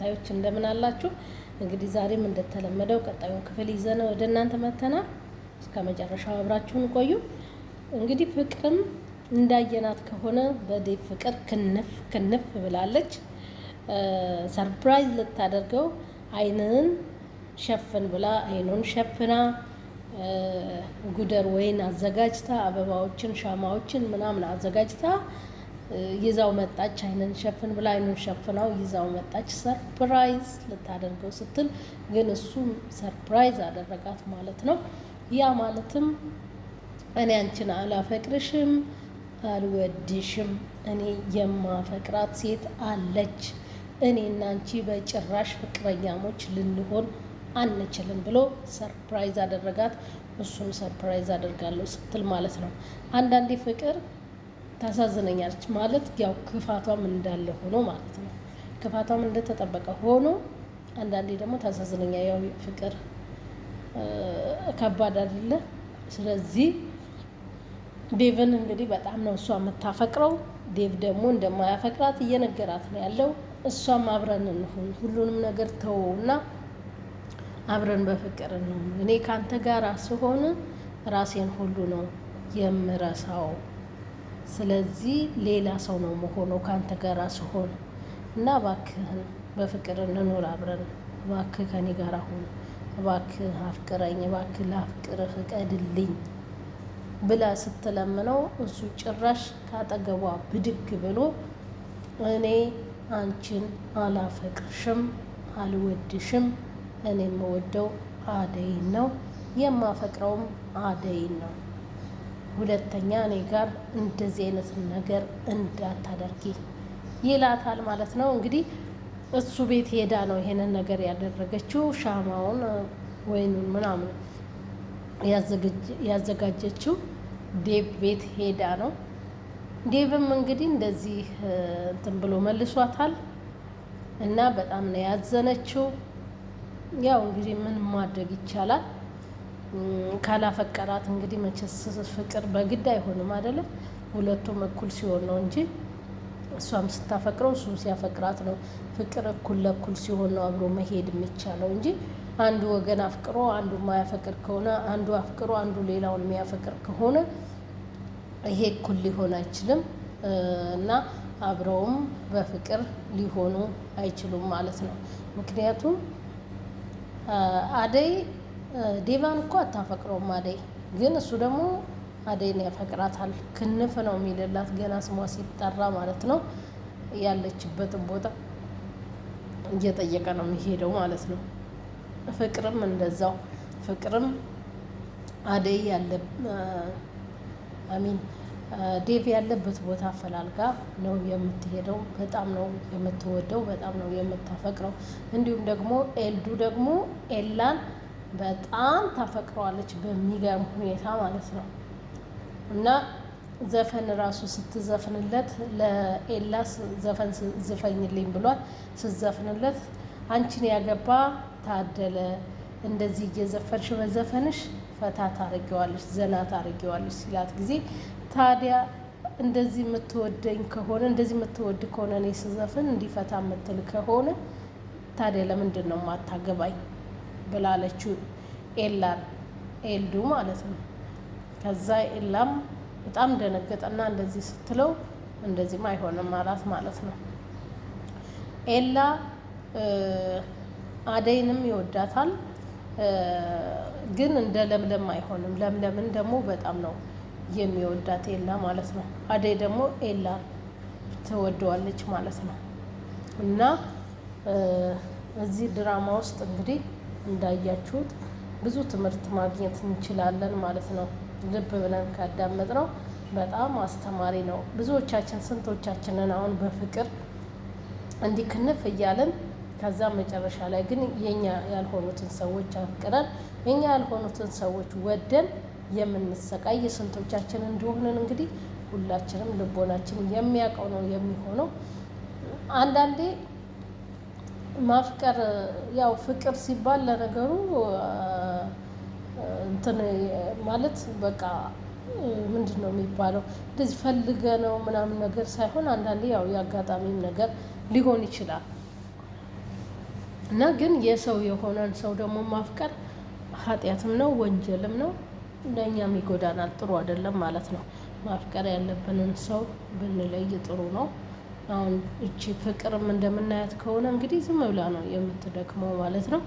ታዮች እንደምን አላችሁ? እንግዲህ ዛሬም እንደተለመደው ቀጣዩን ክፍል ይዘን ወደ እናንተ መተናል። እስከ መጨረሻው አብራችሁን ቆዩ። እንግዲህ ፍቅርም እንዳየናት ከሆነ በዴቭ ፍቅር ክንፍ ክንፍ ብላለች። ሰርፕራይዝ ልታደርገው አይንን ሸፍን ብላ አይኑን ሸፍና ጉደር ወይን አዘጋጅታ አበባዎችን፣ ሻማዎችን ምናምን አዘጋጅታ ይዛው መጣች። አይንን ሸፍን ብላ አይኑን ሸፍናው ይዛው መጣች። ሰርፕራይዝ ልታደርገው ስትል ግን እሱም ሰርፕራይዝ አደረጋት ማለት ነው። ያ ማለትም እኔ አንቺን አላፈቅርሽም፣ አልወድሽም። እኔ የማፈቅራት ሴት አለች። እኔ እና አንቺ በጭራሽ ፍቅረኛሞች ልንሆን አንችልም ብሎ ሰርፕራይዝ አደረጋት። እሱም ሰርፕራይዝ አደርጋለሁ ስትል ማለት ነው። አንዳንዴ ፍቅር ታሳዝነኛለች ማለት ያው ክፋቷም እንዳለ ሆኖ ማለት ነው። ክፋቷም እንደተጠበቀ ሆኖ አንዳንዴ ደግሞ ታሳዝነኛ ያው ፍቅር ከባድ አይደለ? ስለዚህ ዴቭን እንግዲህ በጣም ነው እሷ የምታፈቅረው። ዴቭ ደግሞ እንደማያፈቅራት እየነገራት ነው ያለው። እሷም አብረን እንሁን፣ ሁሉንም ነገር እና አብረን በፍቅር እንሁን። እኔ ከአንተ ጋር ስሆን ራሴን ሁሉ ነው የምረሳው ስለዚህ ሌላ ሰው ነው መሆነው ከአንተ ጋራ ስሆን እና እባክህን በፍቅር እንኖር አብረን፣ እባክህ ከኔ ጋር አሁን እባክህ አፍቅረኝ፣ እባክህ ላፍቅር ፍቀድልኝ ብላ ስትለምነው እሱ ጭራሽ ካጠገቧ ብድግ ብሎ እኔ አንቺን አላፈቅርሽም፣ አልወድሽም። እኔ የምወደው አደይን ነው የማፈቅረውም አደይን ነው ሁለተኛ እኔ ጋር እንደዚህ አይነት ነገር እንዳታደርጊ ይላታል ማለት ነው። እንግዲህ እሱ ቤት ሄዳ ነው ይሄንን ነገር ያደረገችው። ሻማውን ወይኑን ምናምን ያዘጋጀችው ዴብ ቤት ሄዳ ነው። ዴብም እንግዲህ እንደዚህ እንትን ብሎ መልሷታል እና በጣም ነው ያዘነችው። ያው እንግዲህ ምን ማድረግ ይቻላል። ካላፈቀራት እንግዲህ መቼስ ፍቅር በግድ አይሆንም አይደለም። ሁለቱም እኩል ሲሆን ነው እንጂ እሷም ስታፈቅረው እሱም ሲያፈቅራት ነው። ፍቅር እኩል ለእኩል ሲሆን ነው አብሮ መሄድ የሚቻለው እንጂ አንዱ ወገን አፍቅሮ አንዱ ማያፈቅር ከሆነ አንዱ አፍቅሮ አንዱ ሌላውን የሚያፈቅር ከሆነ ይሄ እኩል ሊሆን አይችልም እና አብረውም በፍቅር ሊሆኑ አይችሉም ማለት ነው። ምክንያቱም አደይ ዴቫን እኮ አታፈቅረውም አደይ ግን እሱ ደግሞ አደይን ያፈቅራታል። ክንፍ ነው የሚልላት ገና ስሟ ሲጠራ ማለት ነው። ያለችበትን ቦታ እየጠየቀ ነው የሚሄደው ማለት ነው። ፍቅርም እንደዛው ፍቅርም አደይ ያለ አሚን ዴቭ ያለበት ቦታ አፈላልጋ ነው የምትሄደው። በጣም ነው የምትወደው፣ በጣም ነው የምታፈቅረው። እንዲሁም ደግሞ ኤልዱ ደግሞ ኤላን በጣም ታፈቅረዋለች በሚገርም ሁኔታ ማለት ነው። እና ዘፈን ራሱ ስትዘፍንለት ለኤላ ዘፈን ዝፈኝልኝ ብሏል። ስትዘፍንለት አንቺን ያገባ ታደለ እንደዚህ እየዘፈንሽ በዘፈንሽ ፈታ ታደርጊዋለሽ፣ ዘና ታደርጊዋለሽ ሲላት ጊዜ ታዲያ እንደዚህ የምትወደኝ ከሆነ እንደዚህ የምትወድ ከሆነ እኔ ስዘፍን እንዲፈታ የምትል ከሆነ ታዲያ ለምንድን ነው ማታገባኝ? ብላለችው ኤላን ኤልዱ ማለት ነው። ከዛ ኤላም በጣም ደነገጠና እንደዚህ ስትለው እንደዚህም አይሆንም አላት ማለት ነው። ኤላ አደይንም ይወዳታል ግን እንደ ለምለም አይሆንም። ለምለምን ደግሞ በጣም ነው የሚወዳት ኤላ ማለት ነው። አደይ ደግሞ ኤላ ትወደዋለች ማለት ነው። እና እዚህ ድራማ ውስጥ እንግዲህ እንዳያችሁት ብዙ ትምህርት ማግኘት እንችላለን ማለት ነው። ልብ ብለን ካዳመጥ ነው በጣም አስተማሪ ነው። ብዙዎቻችን ስንቶቻችንን አሁን በፍቅር እንዲክንፍ እያለን ከዛ መጨረሻ ላይ ግን የኛ ያልሆኑትን ሰዎች አፍቅረን የኛ ያልሆኑትን ሰዎች ወደን የምንሰቃይ ስንቶቻችን እንደሆንን እንግዲህ ሁላችንም ልቦናችን የሚያውቀው ነው የሚሆነው አንዳንዴ ማፍቀር ያው ፍቅር ሲባል ለነገሩ እንትን ማለት በቃ ምንድን ነው የሚባለው እንደዚህ ፈልገ ነው ምናምን ነገር ሳይሆን አንዳንዴ ያው የአጋጣሚም ነገር ሊሆን ይችላል እና ግን የሰው የሆነን ሰው ደግሞ ማፍቀር ኃጢአትም ነው ወንጀልም ነው፣ ለእኛም ይጎዳናል፣ ጥሩ አይደለም ማለት ነው። ማፍቀር ያለብንን ሰው ብንለይ ጥሩ ነው። አሁን እቺ ፍቅርም እንደምናያት ከሆነ እንግዲህ ዝም ብላ ነው የምትደክመው ማለት ነው።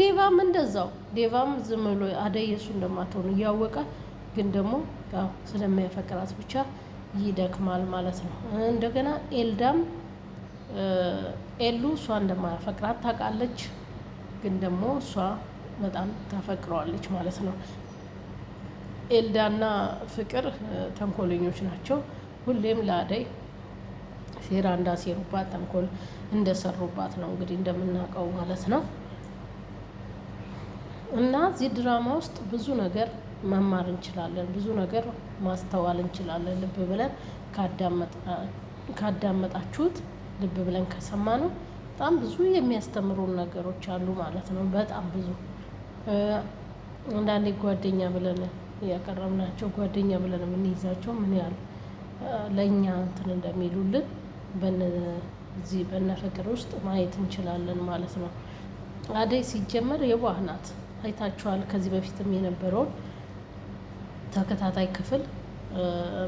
ዴቫም እንደዛው ዴቫም ዝም ብሎ አደይ የእሱ እንደማትሆኑ እያወቀ ግን ደግሞ ያው ስለሚያፈቅራት ብቻ ይደክማል ማለት ነው። እንደገና ኤልዳም ኤሉ እሷ እንደማያፈቅራት ታውቃለች፣ ግን ደግሞ እሷ በጣም ታፈቅረዋለች ማለት ነው። ኤልዳና ፍቅር ተንኮለኞች ናቸው ሁሌም ለአደይ ሴራ እንዳሴሩባት ተንኮል እንደሰሩባት ነው እንግዲህ እንደምናውቀው ማለት ነው። እና እዚህ ድራማ ውስጥ ብዙ ነገር መማር እንችላለን፣ ብዙ ነገር ማስተዋል እንችላለን። ልብ ብለን ካዳመጣችሁት፣ ልብ ብለን ከሰማ ነው በጣም ብዙ የሚያስተምሩን ነገሮች አሉ ማለት ነው። በጣም ብዙ አንዳንዴ ጓደኛ ብለን ያቀረብናቸው ጓደኛ ብለን የምንይዛቸው ምን ያህል ለእኛ እንትን እንደሚሉልን በነዚህ በነ ፍቅር ውስጥ ማየት እንችላለን ማለት ነው። አደይ ሲጀመር የዋህ ናት። አይታችኋል። ከዚህ በፊትም የነበረውን ተከታታይ ክፍል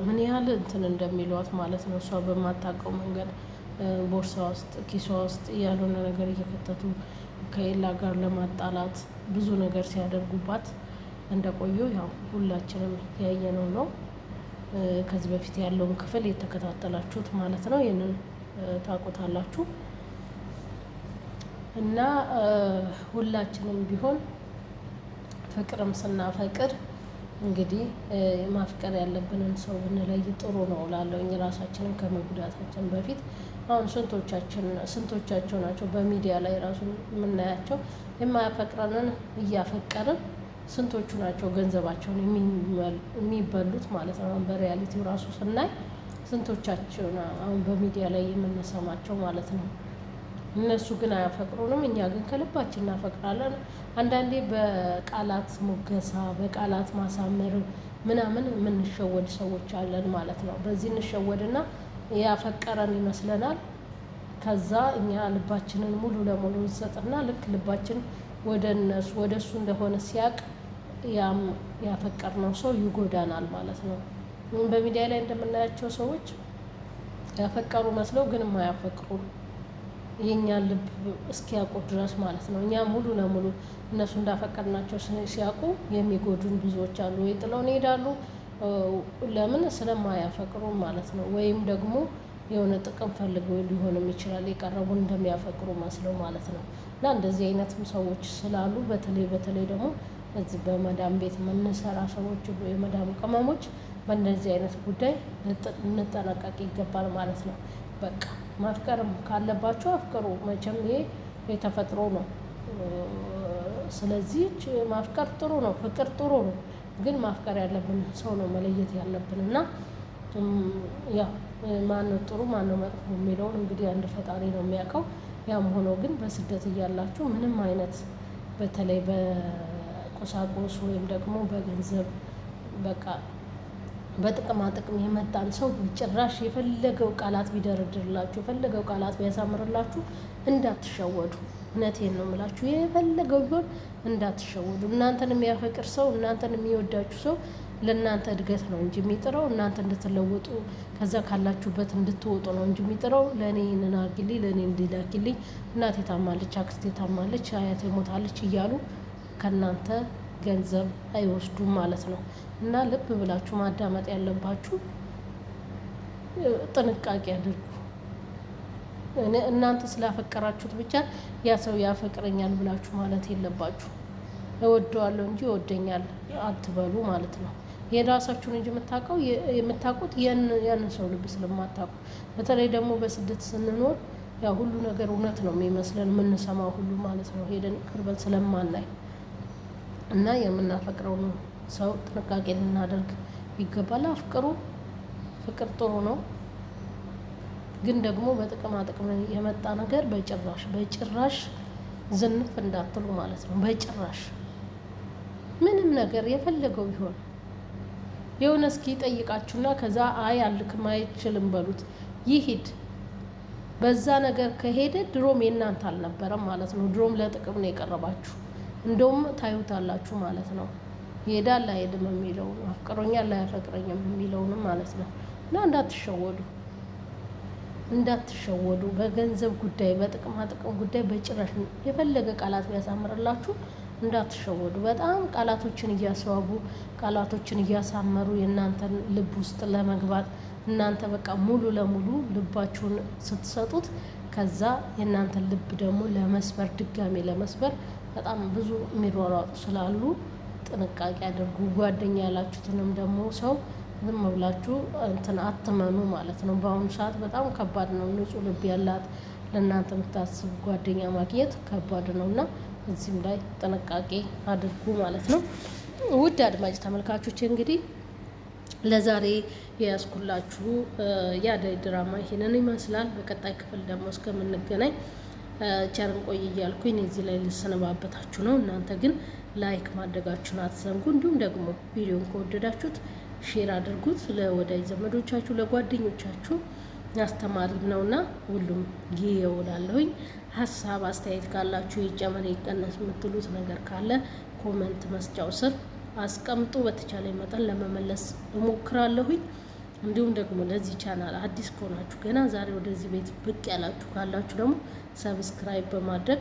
ምን ያህል እንትን እንደሚሏት ማለት ነው። እሷ በማታውቀው መንገድ ቦርሳ ውስጥ ኪሷ ውስጥ ያልሆነ ነገር እየከተቱ ከኤላ ጋር ለማጣላት ብዙ ነገር ሲያደርጉባት እንደቆዩ ያው ሁላችንም ያየነው ነው። ከዚህ በፊት ያለውን ክፍል የተከታተላችሁት ማለት ነው። ይህንን ታውቁታላችሁ እና ሁላችንም ቢሆን ፍቅርም ስናፈቅር እንግዲህ ማፍቀር ያለብንን ሰው ብንለይ ጥሩ ነው ላለውኝ ራሳችንም ከመጉዳታችን በፊት አሁን ስንቶቻችን ስንቶቻቸው ናቸው በሚዲያ ላይ ራሱ የምናያቸው የማያፈቅረንን እያፈቀርን ስንቶቹ ናቸው ገንዘባቸውን የሚበሉት ማለት ነው። አሁን በሪያሊቲው ራሱ ስናይ ስንቶቻቸው አሁን በሚዲያ ላይ የምንሰማቸው ማለት ነው። እነሱ ግን አያፈቅሩንም፣ እኛ ግን ከልባችን እናፈቅራለን። አንዳንዴ በቃላት ሙገሳ፣ በቃላት ማሳመር ምናምን የምንሸወድ ሰዎች አለን ማለት ነው። በዚህ እንሸወድና ያፈቀረን ይመስለናል። ከዛ እኛ ልባችንን ሙሉ ለሙሉ እንሰጥና ልክ ልባችን ወደ እነሱ ወደ እሱ እንደሆነ ሲያቅ ያም ያፈቀርነው ሰው ይጎዳናል ማለት ነው። በሚዲያ ላይ እንደምናያቸው ሰዎች ያፈቀሩ መስለው ግን የማያፈቅሩ የእኛን ልብ እስኪያውቁ ድረስ ማለት ነው። እኛ ሙሉ ለሙሉ እነሱ እንዳፈቀርናቸው ሲያውቁ የሚጎዱን ብዙዎች አሉ። ወይ ጥለውን ይሄዳሉ፣ ለምን ስለማያፈቅሩ ማለት ነው። ወይም ደግሞ የሆነ ጥቅም ፈልገው ሊሆንም ይችላል የቀረቡን እንደሚያፈቅሩ መስለው ማለት ነው። እና እንደዚህ አይነትም ሰዎች ስላሉ በተለይ በተለይ ደግሞ እዚህ በመዳም ቤት የምንሰራ ሰዎች የመዳም ቅመሞች በእንደዚህ አይነት ጉዳይ እንጠነቀቅ ይገባል ማለት ነው። በቃ ማፍቀርም ካለባቸው አፍቅሩ። መቼም ይሄ የተፈጥሮ ነው። ስለዚህ ማፍቀር ጥሩ ነው፣ ፍቅር ጥሩ ነው። ግን ማፍቀር ያለብን ሰው ነው መለየት ያለብን እና ያው ማን ነው ጥሩ ማን ነው መጥፎ የሚለውን እንግዲህ አንድ ፈጣሪ ነው የሚያውቀው። ያም ሆኖ ግን በስደት እያላችሁ ምንም አይነት በተለይ በቁሳቁስ ወይም ደግሞ በገንዘብ በቃ በጥቅማ ጥቅም የመጣን ሰው ጭራሽ የፈለገው ቃላት ቢደረድርላችሁ የፈለገው ቃላት ቢያሳምርላችሁ እንዳትሸወዱ። እውነቴን ነው የምላችሁ፣ የፈለገው ቢሆን እንዳትሸወዱ። እናንተን የሚያፈቅር ሰው እናንተን የሚወዳችሁ ሰው ለእናንተ እድገት ነው እንጂ የሚጥረው እናንተ እንድትለወጡ ከዛ ካላችሁበት እንድትወጡ ነው እንጂ የሚጥረው ለእኔ ይህንን አርጊልኝ፣ ለእኔ እንዲላኪልኝ፣ እናቴ ታማለች፣ አክስቴ ታማለች፣ አያቴ ሞታለች እያሉ ከእናንተ ገንዘብ አይወስዱም ማለት ነው። እና ልብ ብላችሁ ማዳመጥ ያለባችሁ ጥንቃቄ አድርጉ። እናንተ ስላፈቀራችሁት ብቻ ያ ሰው ያፈቅረኛል ብላችሁ ማለት የለባችሁ። እወደዋለሁ እንጂ ይወደኛል አትበሉ ማለት ነው። የራሳችሁን እንጂ የምታውቀው የምታውቁት ያን ሰው ልብ ስለማታውቁ፣ በተለይ ደግሞ በስደት ስንኖር ያ ሁሉ ነገር እውነት ነው የሚመስለን የምንሰማው ሁሉ ማለት ነው ሄደን ቅርበን ስለማናይ እና የምናፈቅረውን ሰው ጥንቃቄ ልናደርግ ይገባል። አፍቅሩ፣ ፍቅር ጥሩ ነው። ግን ደግሞ በጥቅማ ጥቅም የመጣ ነገር በጭራሽ በጭራሽ ዝንፍ እንዳትሉ ማለት ነው። በጭራሽ ምንም ነገር የፈለገው ቢሆን የሆነ እስኪ ጠይቃችሁና ከዛ አይ አልክም አይችልም በሉት ይሂድ። በዛ ነገር ከሄደ ድሮም የእናንተ አልነበረም ማለት ነው። ድሮም ለጥቅም ነው የቀረባችሁ። እንደውም ታዩታላችሁ ማለት ነው። ይሄዳል አይሄድም የሚለውን አፍቅሮኛል አያፈቅረኝም የሚለውንም ማለት ነው። እና እንዳትሸወዱ እንዳትሸወዱ በገንዘብ ጉዳይ፣ በጥቅማ ጥቅም ጉዳይ በጭራሽ የፈለገ ቃላት ቢያሳምርላችሁ እንዳትሸወዱ። በጣም ቃላቶችን እያስዋቡ ቃላቶችን እያሳመሩ የእናንተን ልብ ውስጥ ለመግባት እናንተ በቃ ሙሉ ለሙሉ ልባችሁን ስትሰጡት ከዛ የእናንተን ልብ ደግሞ ለመስበር ድጋሜ ለመስበር በጣም ብዙ የሚሯሯጡ ስላሉ ጥንቃቄ አድርጉ። ጓደኛ ያላችሁትንም ደግሞ ሰው ዝም ብላችሁ እንትን አትመኑ ማለት ነው። በአሁኑ ሰዓት በጣም ከባድ ነው። ንጹሕ ልብ ያላት ለእናንተ የምታስብ ጓደኛ ማግኘት ከባድ ነው እና እዚህም ላይ ጥንቃቄ አድርጉ ማለት ነው። ውድ አድማጭ ተመልካቾች እንግዲህ ለዛሬ የያዝኩላችሁ የአደይ ድራማ ይሄንን ይመስላል። በቀጣይ ክፍል ደግሞ እስከምንገናኝ ቸርን ቆይ እያልኩኝ እዚህ ላይ ልሰነባበታችሁ ነው። እናንተ ግን ላይክ ማድረጋችሁን አትዘንጉ። እንዲሁም ደግሞ ቪዲዮን ከወደዳችሁት ሼር አድርጉት ለወዳጅ ዘመዶቻችሁ፣ ለጓደኞቻችሁ አስተማሪ ነውና ሁሉም ጊዜ የውላለሁኝ። ሀሳብ አስተያየት ካላችሁ ይጨመር ይቀነስ የምትሉት ነገር ካለ ኮመንት መስጫው ስር አስቀምጡ። በተቻለ መጠን ለመመለስ እሞክራለሁኝ። እንዲሁም ደግሞ ለዚህ ቻናል አዲስ ከሆናችሁ ገና ዛሬ ወደዚህ ቤት ብቅ ያላችሁ ካላችሁ ደግሞ ሰብስክራይብ በማድረግ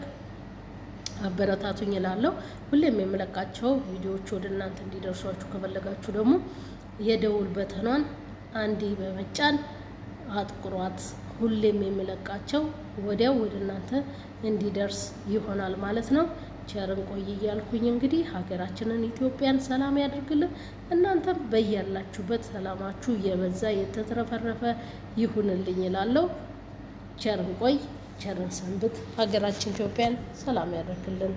አበረታቱኝ እላለሁ። ሁሌም የምለቃቸው ቪዲዮዎች ወደ እናንተ እንዲደርሷችሁ ከፈለጋችሁ ደግሞ የደውል በተኗን አንዴ በመጫን አጥቁሯት። ሁሌም የሚለቃቸው ወዲያው ወደ እናንተ እንዲደርስ ይሆናል ማለት ነው። ቸርን ቆይ እያልኩኝ እንግዲህ ሀገራችንን ኢትዮጵያን ሰላም ያደርግልን። እናንተም በያላችሁበት ሰላማችሁ የበዛ የተትረፈረፈ ይሁንልኝ ይላለው ቸርን ቆይ፣ ቸርን ሰንብት። ሀገራችን ኢትዮጵያን ሰላም ያደርግልን።